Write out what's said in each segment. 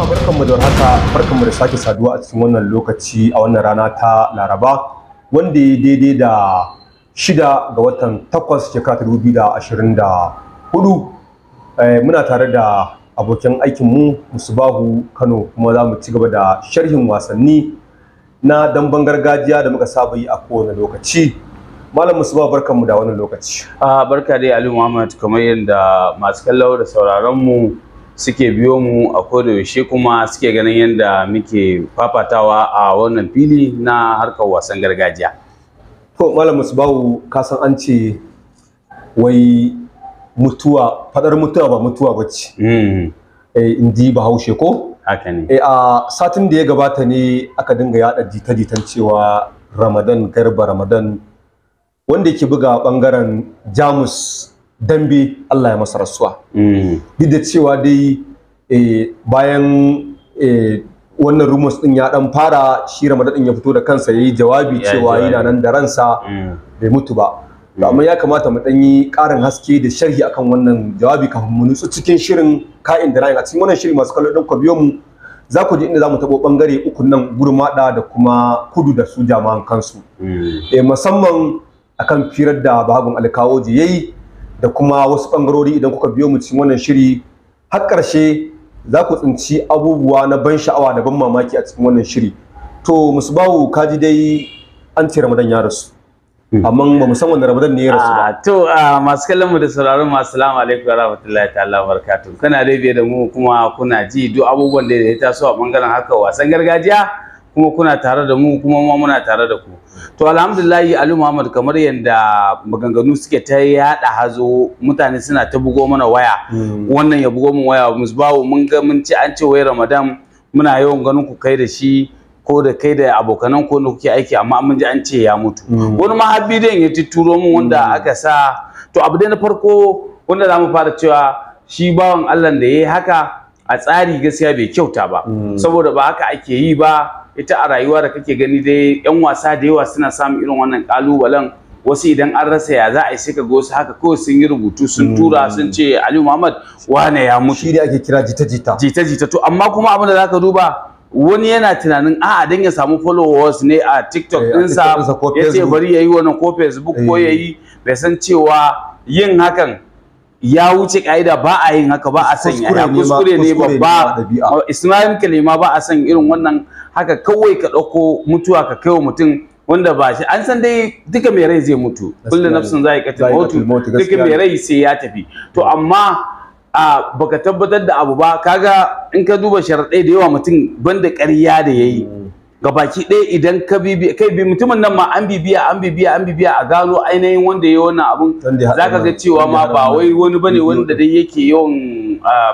jama'a barkanmu da warhaka barkanmu da sake saduwa a cikin wannan lokaci a wannan rana ta Laraba wanda ya daidai da shida ga watan takwas shekara ta dubu da ashirin da hudu eh, muna tare da abokin aikinmu Musubahu Kano kuma za mu ci gaba da sharhin wasanni na damben gargajiya da muka saba yi a kowane lokaci Malam Musubahu barkanmu da wannan lokaci. Ah, barka dai Ali Muhammad kamar yadda masu kallo da sauraronmu suke biyo mu a yaushe kuma suke ganin yadda muke fafatawa a wannan fili na harkar wasan gargajiya. To Malam Musbahu ka san an ce wai mutuwa fadar mutuwa ba mutuwa ba ce. Hmm. Eh, in ji bahaushe ko? Haka ne. Eh, a satin da ya gabata ne aka dinga yada jita-jitan cewa Ramadan garba Ramadan wanda yake buga bangaren Jamus dambe Allah ya masa rasuwa hmm. duk da cewa dai eh, bayan eh, wannan rumors din ya dan fara shi Ramadan din ya fito da kansa yayi jawabi cewa yana nan da ransa hmm. bai mutu ba to amma ya kamata mu dan yi karin haske da sharhi akan wannan jawabi kafin mu nutsu cikin shirin ka'in da ra'ayin a cikin wannan shirin masu kallon din ku biyo mu za ku ji inda za mu taɓo bangare uku nan gurmaɗa da kuma kudu da su jama'an kansu hmm. eh, musamman akan firar da babun alkawoji ya yi da kuma wasu bangarori idan kuka biyo mu cikin wannan shiri har ƙarshe za ku tsinci abubuwa na ban sha'awa da ban mamaki a cikin wannan shiri to musbahu kaji dai an ce ramadan ya rasu hmm. amma ba mu san wanda ramadan ne ya rasu ba ah, to ah, masu kallon mu da sauraron mu assalamu alaikum wa rahmatullahi ta'ala wa barakatuh kana dai biye da mu kuma kuna ji duk abubuwan da ya taso a bangaren haka wasan gargajiya kuma kuna tare da mu kuma ma muna tare da ku to alhamdulillahi Ali Muhammad kamar yadda maganganu suke ta yada hazo mutane suna ta bugo mana waya hmm. wannan ya bugo min waya musbawo mun ga mun ci an ce wai Ramadan muna yawan ganin ku kai da shi ko da kai da abokanan ko da kuke aiki amma mun ji an ce ya mutu hmm. wani ma har bidiyon ya tuturo mun wanda hmm. aka sa to abu na farko wanda za mu fara cewa shi bawan Allah da ya yi haka a tsari gaskiya bai kyauta ba saboda ba haka ake yi ba ita a rayuwa da kake gani dai yan wasa da yawa suna samun irin wannan kalubalen wasu idan an rasa ya za a sai ka wasu haka kawai sun yi rubutu sun mm. tura sun ce Aliyu Muhammad wane ya mutu shi da ake kira jita-jita jita-jita to amma kuma abin da zaka duba wani yana tunanin a'a dan ya samu followers ne a TikTok eh, ɗinsa ya ce bari ya yi wani ko Facebook ko ya yi eh. bai san cewa yin hakan ya wuce ka'ida ba a yin haka ba a sanya ya kuskure ne babba Ismail Kalima ba a san irin wannan haka kawai ka ɗauko mutuwa ka kai wa mutum wanda ba shi an san dai duka mai rai zai mutu kullu nafsin zai ka mutu duka mai rai sai ya tafi to amma a baka tabbatar da abu ba kaga in ka duba sharaɗai da yawa mutum banda ƙarya da yayi mm. ga baki ɗaya idan ka bibi kai bi mutumin nan ma an bibiya an bibiya an bibiya a gano ainihin wanda ya wannan abun zaka ga cewa ma ba wai wani bane wanda dai yake yawan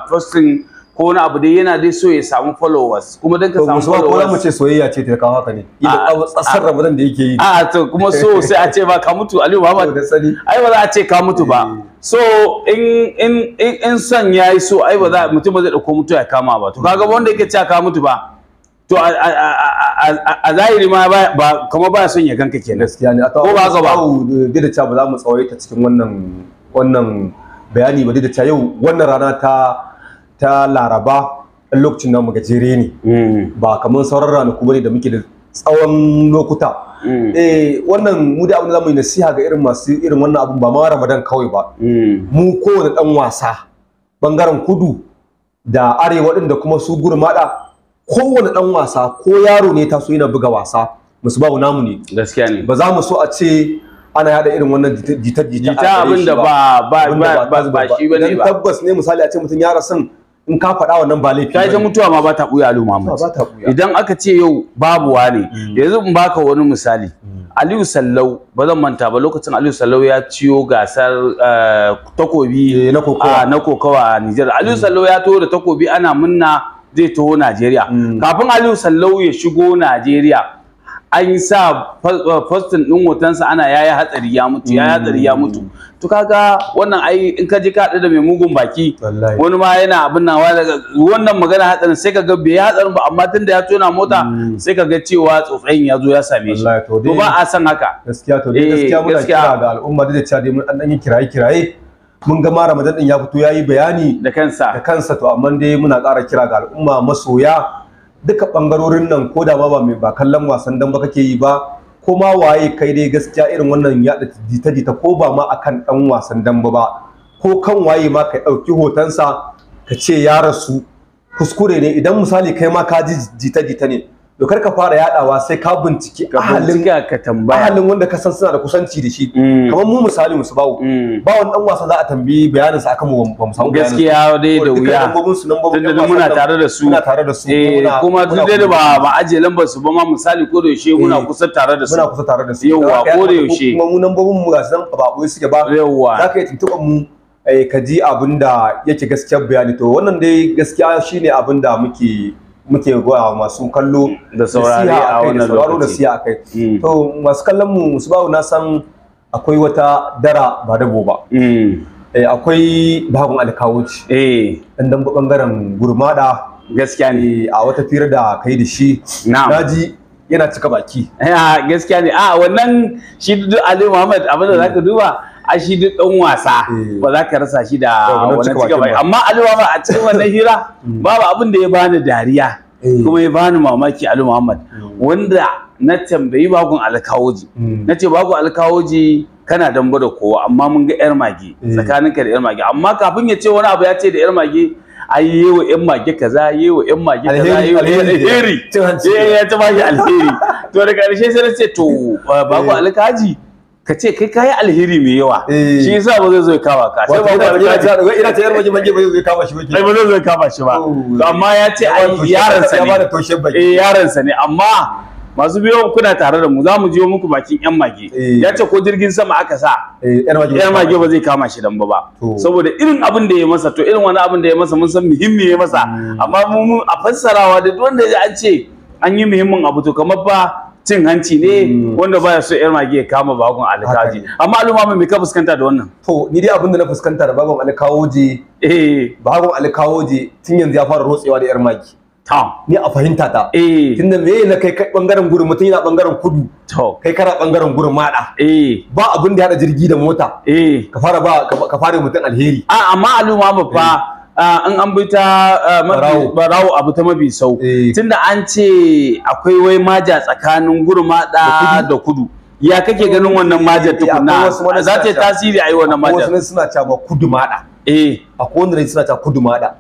posting ko wani abu dai yana dai so ya samu followers kuma dan ka samu followers ko mu ce soyayya ce ta kawo haka ne idan tsasar Ramadan da yake yi a to kuma so sai a ce ba ka mutu Aliyu Muhammad ai ba za a ce ka mutu ba eh. so in in in son yayi so ai ba za mutum ba zai dauko mutu ya kama ba to kaga wanda yake cewa ka mutu ba to a a zahiri ma ba kuma ba son ya ganka kenan gaskiya ne ko ba ga ba da da cewa ba za mu tsawaita cikin wannan wannan bayani ba da cewa yau wannan rana ta ta laraba ɗan lokacin namu jere ne mm. ba kamar sauran ranaku bane da muke da tsawon lokuta mm. eh wannan mu da abin da zamu yi nasiha ga irin masu irin wannan abun ba ma ramadan kawai ba mm. mu kowane dan wasa bangaren kudu da arewa din da kuma su gurmada kowane dan wasa ko yaro ne taso yana buga wasa musu ba namu ne gaskiya ne ba za mu so a ce ana yada irin wannan jita-jita abin da ba ba ba ba shi bane ba tabbas ne misali a ce mutum ya rasan in ka faɗa wannan ba laifi ta mutuwa ma ba ta ɓuya Aliyu Muhammad idan aka ce yau babu wane mm. yanzu in baka wani misali mm. Aliyu Sallau ba zan manta ba lokacin Aliyu Sallau ya ciyo gasar eh, takobi eh, ah, na kokawa a Nijar Aliyu mm. Sallau ya taho da takobi ana munna zai taho Najeriya kafin Aliyu Sallau ya shigo Najeriya an sa fastin uh, din hotonsa ana yaya hatsari ya mutu yaya hatsari ya mutu mm. to kaga wannan ai in ka je ka hadu da mai mugun baki wani ma yana abin nan wannan magana hatsarin sai ka ga bai hatsarin ba amma tunda ya tona mota mm. sai ka ga cewa tsofayin ya zo ya same shi to ba a san haka gaskiya to dai eh, gaskiya muna kira ga al'umma da cewa dai mun dan yi kiraye kiraye mun ga Ramadan din ya fito yayi bayani da kansa da kansa to amma dai muna ƙara kira ga al'umma masoya duka bangarorin nan ko da ba mai ba kallon wasan dan ba kake yi ba ko ma waye kai dai gaskiya irin wannan yaɗa dita jita ko ba ma akan dan wasan dan ba ko kan waye ma ka ɗauki hotonsa ka ce ya rasu kuskure ne idan misali kai ma ka ji jita jita ne to kar ka fara yadawa sai ka binciki ahalin ka tambaya ahalin wanda ka san suna da kusanci da shi mm. kamar mu misali musu bawo mm. ba wani dan wasa za a tambayi bayanin sa akan ba mu samu gaskiya dai da wuya tunda muna tare da su muna tare da su eh, kuma duk dai ba ba aje lambar su ba ma misali ko da yaushe muna eh, kusa tare da su muna kusa tare da su yawa ko da yaushe kuma mu lambobin mu ga san ba su suke ba yawa zaka yi tuntuban mu eh, ka ji abin da yake gaskiyar bayani to wannan dai gaskiya shine abin da muke muke goya wa masu kallo da saurare a wannan lokaci da siya akai mm. to masu kallon mu su bawo na san akwai wata dara ba dabo ba mm. eh, akwai babun alkawuci eh dan bangaren gurmada gaskiya ne eh, a wata fira da kai da shi naji yana cika baki eh, gaskiya ne a wannan shi duk Ali Muhammad abin da zaka duba a shi duk dan wasa eh. ba za ka rasa shi da wani cika bai amma ba a cikin wannan hira mm. babu abin da ya bani dariya eh. kuma ya bani mamaki Ali Muhammad mm. wanda na tambayi bakon alkawoji mm. na ce bakon alkawoji kana dambo da kowa amma mun ga yar mage eh. Tsakanin ka da yar mage amma kafin ya ce wani abu ya ce da yar mage ai yewa yan mage kaza yewa yan mage kaza yewa alheri ya ta bashi alheri to daga ƙarshe sai na ce to bako alkaji ka ce kai kayi alheri mai yawa eh. shi yasa ba zai zo ya kama ka sai ba ba ba ta ina ta yarwaje manje ba zai zo ya kama shi ba kai ba zai zo ya kama shi ba oh, to amma ya ce yaran sa ne eh yaran sa ne amma masu biyo kuna tare da mu za mu jiyo muku bakin yan mage eh. ya ce ko jirgin sama aka sa yan eh, mage ba zai kama shi dan ba ba saboda irin abin da ya masa to irin wani abin da ya masa mun san muhimmi ya masa hmm. amma mu a fassarawa da wanda ya an ce an yi muhimmin abu to kamar ba cin hanci ne hmm. wanda baya so yar mage ya kama bagon alkaji amma al'umma mai ka fuskanta da wannan to ni dai abin da na fuskanta da bagon alkawoje eh bagon alkawoje tun yanzu ya fara rotsewa da yar mage ni a fahimta ta eh. tunda me na kai bangaren gurin mutum yana bangaren kudu kai kana bangaren gurin mada eh. ba abin da ya hada jirgi da mota eh. ka fara ba ka fara mutum alheri a amma al'umma ba fa an ah, an bi ta ah, barawo abu ta mabi sau eh. tunda an ce akwai wai maja tsakanin gurmada da kudu ya kake ganin wannan maja eh, tukuna za ta tasiri a yi wannan maja wasu suna cewa kudu mada eh akwai wanda suna cewa kudu mada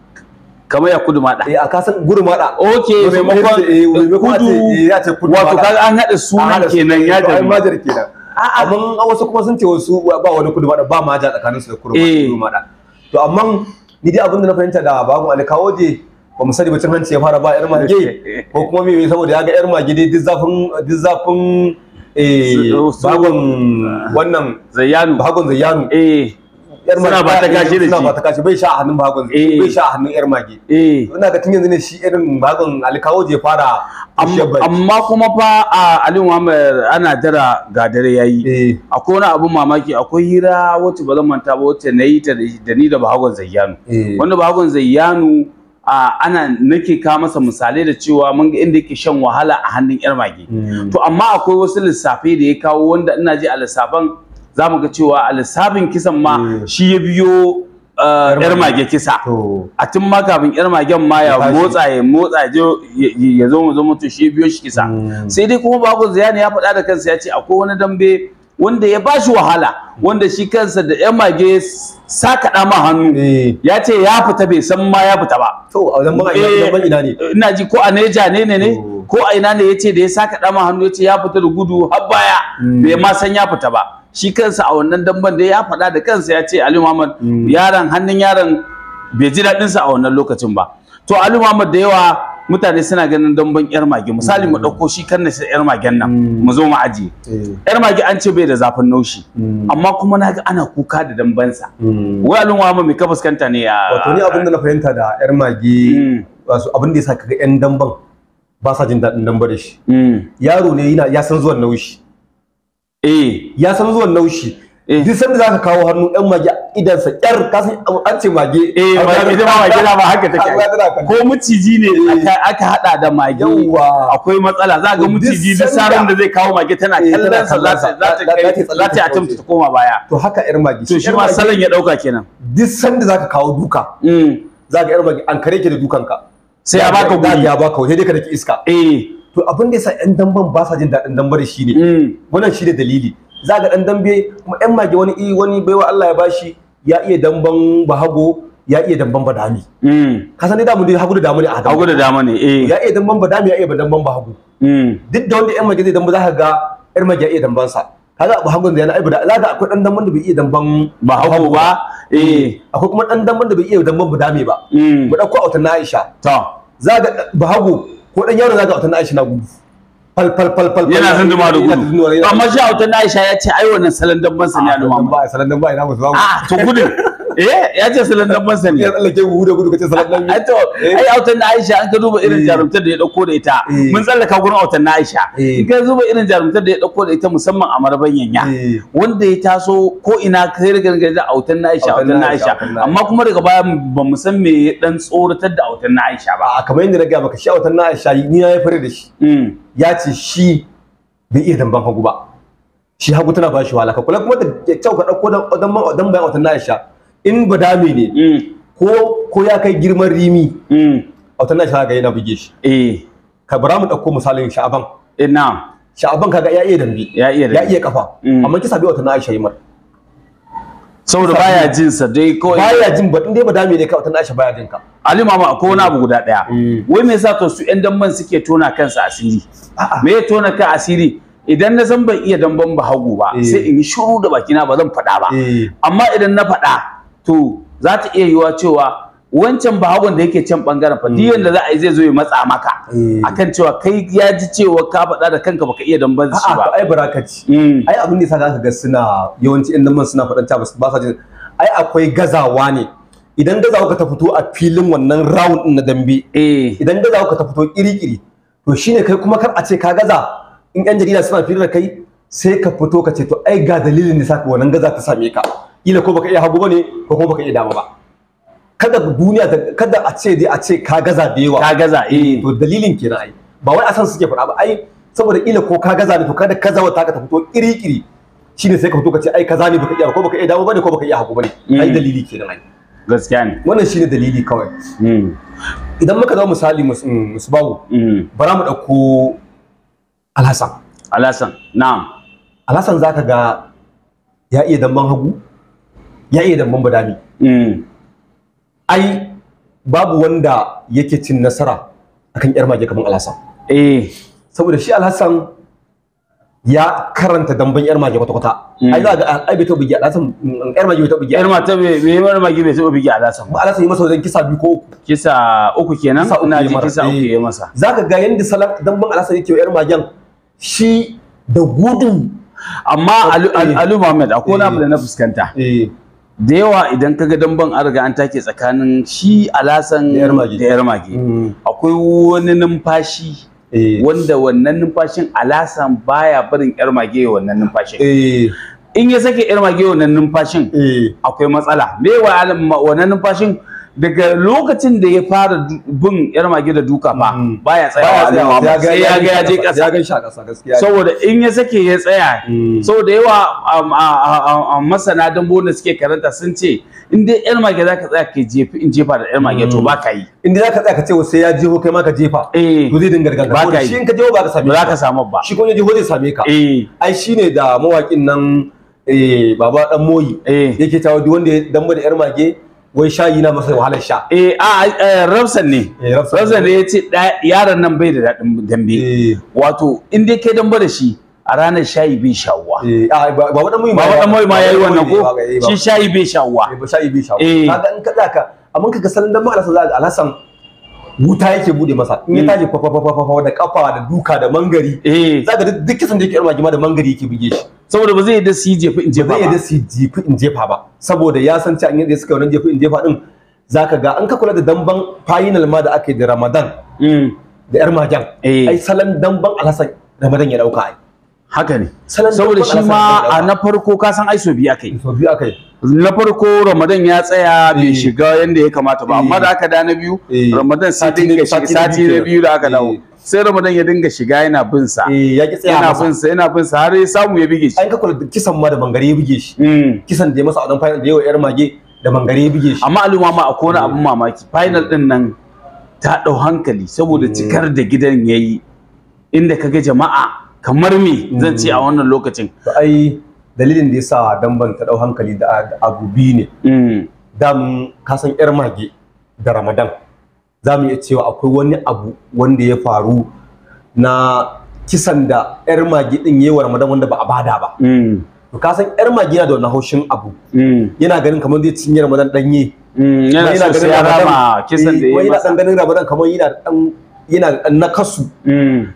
kamar ya kudu maɗa. Eh a kasan gudu maɗa. Ok maimakon eh, kudu wato kaga an haɗa sunan kenan ya da An majar kenan. Amma wasu kuma sun ce wasu ba wani kudu da, ba maja su da kudu maɗa. To amma ni dai abin da na fahimta da babu alkawoje ba mu sani bacin hanci ya fara ba yar mage ko kuma me saboda ya ga yar mage dai duk zafin duk zafin eh bagon wannan zayyanu bagon zayyanu eh yar mage ba ta kashi da shi ba ta kashi bai sha a hannun bagon eh. bai sha a hannun yar mage eh ina ga tun yanzu ne shi irin bagon alkawo je fara amma kuma fa a Ali Muhammad ana jira ga dare yayi eh. akwai wani abun mamaki akwai hira wacce ba zan manta ba wacce nayi ta da ni da bagon Zayyanu eh. wanda bagon Zayyanu ana nake ka masa misalai da cewa mun ga inda yake shan wahala a hannun yar mage hmm. to amma akwai wasu lissafi da ya kawo wanda ina ji a lissafan za mu ga cewa a lissafin kisan ma eh. shi ya biyo eh, yar mage kisa a tun ma kafin yar magen ma ya motsa ya motsa ya zo mu zo mutu shi biyo shi kisa hmm. sai dai kuma babu ziyani ya faɗa da kansa ya ce akwai wani dambe wanda ya bashi wahala hmm. wanda shi kansa da yar mage saka da ma hannu eh. ya ce ya fita bai san ma ya fita ba to a wajen ban ina ne ina ji ko a neja ne ne ne ko a ina ne yace da ya saka da ma hannu yace ya fita da gudu har baya hmm. bai ma san ya fita ba shi kansa a wannan damban da ya faɗa da kansa ya ce Ali Muhammad mm. yaron hannun yaron bai ji daɗin sa a wannan lokacin ba to Ali Muhammad da yawa mutane suna ganin damban yar mage misali mu mm. ɗauko shi kan nasa yar magen nan mm. mu zo mu ajiye yar eh. mage an ce bai da zafin naushi amma kuma naga ana kuka da dambansa wai Ali Muhammad me ka fuskanta ne ya wato ni abin da na fahimta da yar mage wasu abin da yasa kaga yan damban ba sa jin daɗin damban da shi yaro ne yana ya san zuwan naushi eh ya san zuwan naushi eh. duk sanda zaka kawo hannu ɗan mage idan sa ƙyar ka san an ce mage eh ba ita ma mage na ba haka take ko miciji ne eh. aka hada da mage akwai matsala za ga miciji eh, duk saran da zai kawo mage tana kallon sa za ta za ta tumta ta koma baya to haka ƴar mage to shi ma salon ya dauka kenan duk sanda zaka kawo duka mm. za ka yar mage an kare ki da dukanka sai ya baka guri ya baka wuce dai ka daki iska eh to abin da yasa yan damben ba sa jin daɗin dambe da shi ne mm. wannan shi da dalili za ga ɗan dambe kuma yan mage wani wani baiwa Allah ya bashi ya iya damben bahago ya iya damben badami mm. ka san dai damu dai hagu da damu ne a hagu da damu ne eh ya iya damben badami ya iya damben bahago mm. duk da wanda yan mage zai damba za ka ga yan mage ya iya damben sa kaga abu hagu da yana aibu da alaga akwai dan damban da bai iya damban bahago ba eh akwai kuma dan damban da bai iya damban badami ba mu dauko autan na Aisha to za ga bahago. ko dan yaro zaka autan Aisha na gudu fal fal fal fal yana san duma da gudu amma shi autan Aisha ya ce ai wannan salandan ban sa ne a duma ah, ba salandan ba ina musu ba ah, to gudu eh ya ce salon dan masa ne ya tsallake gugu da gudu kace salon dan ai to eh. ai autan Aisha an ka duba irin eh. jarumtar da ya dauko da ita eh. mun tsallaka gurin autan na Aisha in ka duba irin jarumtar da ya dauko da ita musamman a marban yanya wanda ya taso ko ina kai daga da autan na Aisha autan na Aisha amma kuma daga baya ba mu san me ya dan tsoratar da autan na Aisha ba kamar yadda na ga maka shi autan na Aisha ni ya fare da shi hmm. ya ce shi bai iya damban hagu ba shi hagu tana ba shi wahala ka kula kuma da kyau ka dauko dan dan bayan autan Aisha in badami ne mm. ko ko ya kai girman rimi mm. a wata nan shaka yana buge shi eh ka bara mu dauko misalin sha'aban eh na'am sha'aban kaga ya iya dambe ya iya ya iya kafa mm. amma kisa bai wata na Aisha yimar saboda baya jin sa dai ko baya jin ba dai badami ne ka wata na Aisha baya jin ka Ali mama akwai wani abu guda daya wai me yasa to su ƴan damban suke tona kansa asiri me ya tona ka asiri idan na san ban iya damban ba hagu eh. ba sai in yi shuru da bakina ba zan faɗa ba eh. amma idan na faɗa to za ta iya yiwa cewa wancan bahagon da yake can bangaren fa duk hmm. yanda za a yi zai zo ya matsa maka hmm. akan cewa kai ya ji cewa ka faɗa da kanka baka iya damban shi ba ai barakaci hmm. ai abin da za ka ga suna yawanci inda man suna faɗan ta ba sa jin ai akwai gazawa ne idan gazawa ka ta fito a filin wannan round din na dambe eh. idan gazawa ka ta fito kiri to shine kai kuma kar a ce ka gaza in yan jarida suna filin da kai sai ka fito ka ce to ai ga dalilin da sa wannan gaza ta same ka kila ko baka iya hagu bane ko ko baka iya dama ba kada duniya kada a ce dai a ce ka gaza da yawa ka gaza eh, eh to dalilin kenan ai ba wai a san suke faɗa ba ai saboda kila ko ka gaza ne to kada ka zawa taka ta fito kiri-kiri shine sai ka fito ka ce ai kaza ne baka iya ko baka iya dama bane ko baka iya hagu bane hmm. ai dalili kenan ai gaskiya ne wannan shine dalili kawai hmm. idan muka dawo misali mm, musbahu hmm. bara mu dauko alhassan alhassan na'am alhassan zaka ga ya iya damban hagu ya iya damban dami. Hmm. ai babu wanda yake cin nasara akan ƴar mage kamar alhassan eh saboda shi alhassan ya karanta damban ƴar mage kwata kwata hmm. ai za ga ai bai taɓa bigi alhassan mm, mage bai taɓa bigi yar mata bai yar mage bai taɓa alhassan ba alhassan yi masa wajen kisa biyu ko uku kisa uku kenan ina kisa uku ya eh. masa Za ka ga yadda salak damban alhassan yake ƴar magen shi da gudun amma alu eh. muhammad akwai wani abu da na eh. fuskanta eh da yawa idan ka ga damban an riga an take tsakanin shi alasan da yar mage mm-hmm. akwai wani numfashi eh. wanda wannan numfashin alasan baya barin yar mage wannan numfashin eh. in ya sake yar mage wannan numfashin eh. akwai matsala me wa wannan numfashin daga lokacin da ya fara bin yar mage da duka fa mm. baya tsayawa sai ya ga ya je kasa ya gansha kasa gaskiya saboda in ya sake ya tsaya mm. saboda yawa masana dambo da suke karanta sun ce in dai yar mage zaka tsaya ka jefi in jefa da yar mage to ba ka yi mm. in dai zaka tsaya ka ce sai ya jeho kai ma ka jefa eh. to zai dinga rigar ka shi in ka jeho ba ka same ba ka samu ba shi ko ya jeho zai same ka eh. ai shine da mawakin nan eh baba dan moyi eh. yake tawo duk wanda ya da yar mage wai sha yi na masa wahalar sha eh a rafsan ne eh, rafsan ne yace yaron nan bai da daɗin dambe eh. wato in dai kai dambe da shi a ranar shayi bai shawuwa eh, ba wadda mai ba wadan mai ma yayi ko shi shayi bai shawuwa ba shayi bai shawuwa kaga in ka amma kaga salon wuta yake bude masa in ya mm. tashi fa da duka da mangari zaka duk kisan da yake ma da mangari yake buge shi saboda ba zai yadda su yi jefi in jefa ba zai yadda su yi jefi in jefa ba saboda ya san cewa in yadda suka wannan jefi in jefa din za ka ga an ka kula da damban final ma da aka yi da Ramadan mm. da yar majan eh. ai salon damban Alhassan Ramadan ya dauka ai haka ne saboda shi ma a na farko ka san ai so biya kai biyu aka kai na farko Ramadan ya tsaya bai eh. shiga yanda ya kamata ba amma eh. da aka da na biyu Ramadan sai dinga shi sati na biyu da aka dawo sai Ramadan ya dinga shiga yana bin sa eh, ya ki tsaya yana bin sa yana bin sa har ya samu ya bige shi an ka kula kisan ma da bangare ya bige shi hmm. kisan da ya masa a dan final da yawa yar mage da bangare ya bige shi amma aluma ma akwai wani abin mamaki final hmm. din nan ta dau hankali saboda hmm. cikar da gidan yayi inda kaga jama'a kamar me zan ce a wannan lokacin ai dalilin da yasa damban ta dau hankali da biyu ne dan kasan san yar mage da Ramadan za mu iya cewa akwai wani abu wanda ya faru na kisan da yar magi din yayi wa Ramadan wanda ba a bada ba mm. to ka san yar magi yana da wannan haushin abu mm. yana ganin kamar zai cinye Ramadan danye mm, yana ganin ya rama kisan eh, da yayi yana ganin Ramadan kamar yana dan yana dan nakasu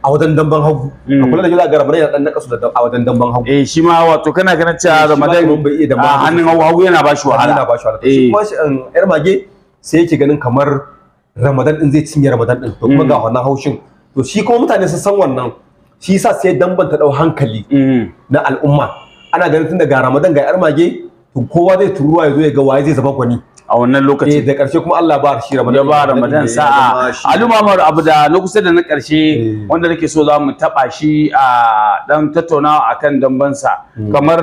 a wajen damban hagu a kula da yana ga Ramadan yana dan nakasu a wajen damban hagu eh shi ma wato kana ganin cewa eh, Ramadan a hannun hagu yana ba shi wahala yana ba shi wahala shi eh. kuma yar um, magi sai yake ganin kamar ramadan din zai cinye ramadan din to kuma mm. ga wannan haushin to shi kuma mutane sun san wannan shi sa sai dan ban ta dau hankali mm. na al'umma ana ganin tun daga ramadan ga yar mage to kowa zai turuwa ya zo ya ga waye zai zama gwani a wannan lokaci eh, da karshe kuma Allah ba shi Ramadan ya ba Ramadan sa'a Ali Muhammad abu da na kusa da na karshe eh. wanda nake so za mu taba shi a dan tattauna akan dambansa mm. kamar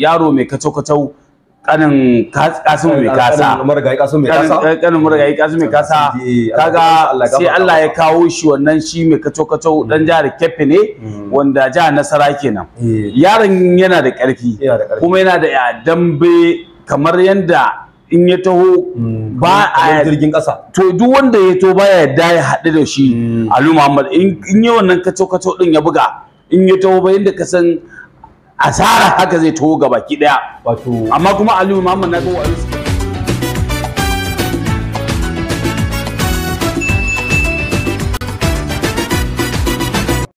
yaro mai kacau-kacau kanin kasu mai kasa kanin eh, marigayi kasu mai kasa kaga sai Allah ya kawo shi wannan shi mai kaco kaco hmm. dan jihar Kebbi ne hmm. wanda jihar Nasara kenan eh. yaron yana da karfi kuma yana da eh, dambe kamar yadda in ya taho hmm, ba a jirgin kasa to duk wanda ya to baya yadda ya haɗu da shi Ali Muhammad in yi wannan kaco kaco din ya buga in ya taho ba yadda ka san asara haka zai taho ga baki daya wato amma kuma Aliyu Muhammad na ga wa'azi